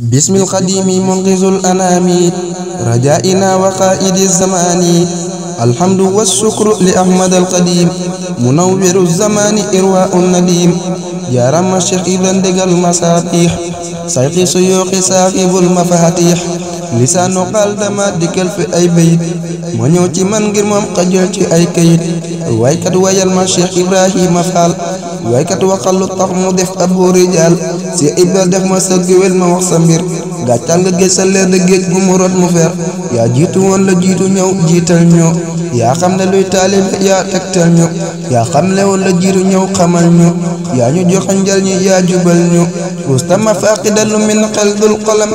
bismil qadimi munqizul anami rajaina wa qaidi zamani الحمد والشكر لأحمد القديم منور الزمان إرواء النديم يا رم الشيخ إذا اندق المصابيح سيقي سيوق ساقب المفاتيح lisaanu xaal dama dikkal fi ay bayit ma ñëw ci man ngir moom xajoo ci ay kayit waykat wayal ma cheikh ibrahima faal waykat waxal lu tax mu def abu rijaal si ibra ma sa ma wax sa mbir gàccal nga géej sa leer gu mu rot mu fer yaa jiitu woon la jiitu ñëw jiital ñoo yaa xam ne luy taalibe yaa tegtal ñu yaa xam le wala jiru ñëw xamal ñu yaa ñu joxe njal ñi yaa jubal ñu ustama faaqidalu min xeldul xolam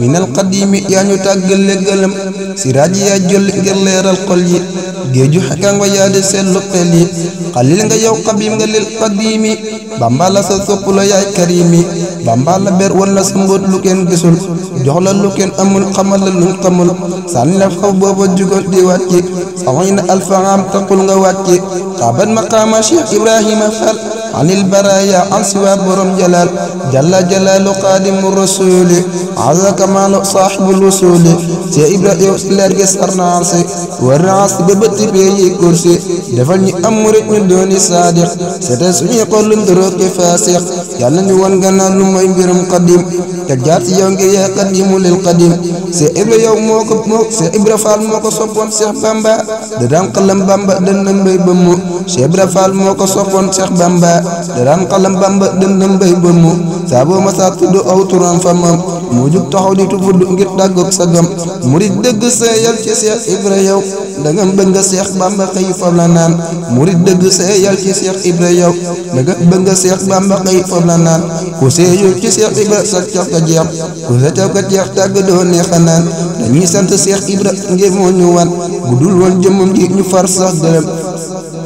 minal qadiimi yaa ñu tàggale gëlëm siraaj yaa jolli ngir leeral xol yi géeju xekkango yaa di seetlu xel yi xalil nga yow xabim nga lil qadiimi bamba la sa sopp la yaay karimi bamba la ber wan la sa mbóot lu kenn gisul jox lu kenn amul xamal la luñ xamul sànni la xaw booba jugal di wàcc saxoy na alfaam taqul nga wàcce xaaban maqaama Cheikh Ibrahima Fall anil baraya an siwa borom jalal jalla jalalu qadimu rasuli aza kamalu sahibul usuli se ibra yow leer gi sarnaasi warnaas ba bëtti peeyi kursi defal ñi am murit dooni saadiq sete suñuy xol luñ faasiq yàlla ñu wan gannaaw qadim te yow ngir yaa qadimu lil qadim se ibra yow moo ko ibra faal moo soppoon Cheikh Bamba da daan xalam Bamba dënnam bay ba mu ibra faal moo soppoon Cheikh Bamba da daan xalam bamba dem dem bay bon mu saa boo ma saa tudd aw turam famam mu jug taxaw di tufudd ngir dàggoog sagam murit dëgg seeyal ci Seex Ibra yow da nga bëgg a Seex Bamba xëy fab la naan murit dëgg seeyal ci Seex Ibra yow da nga bëgg a Seex Bamba xëy fab la naan ku seeyul ci Seex Ibra sa cof jeex ku sa cof ka jeex tàgg doo neex a naan dañuy sant Seex Ibra ngir moo ñu wan guddul woon jëmmam ji ñu far sax gërëm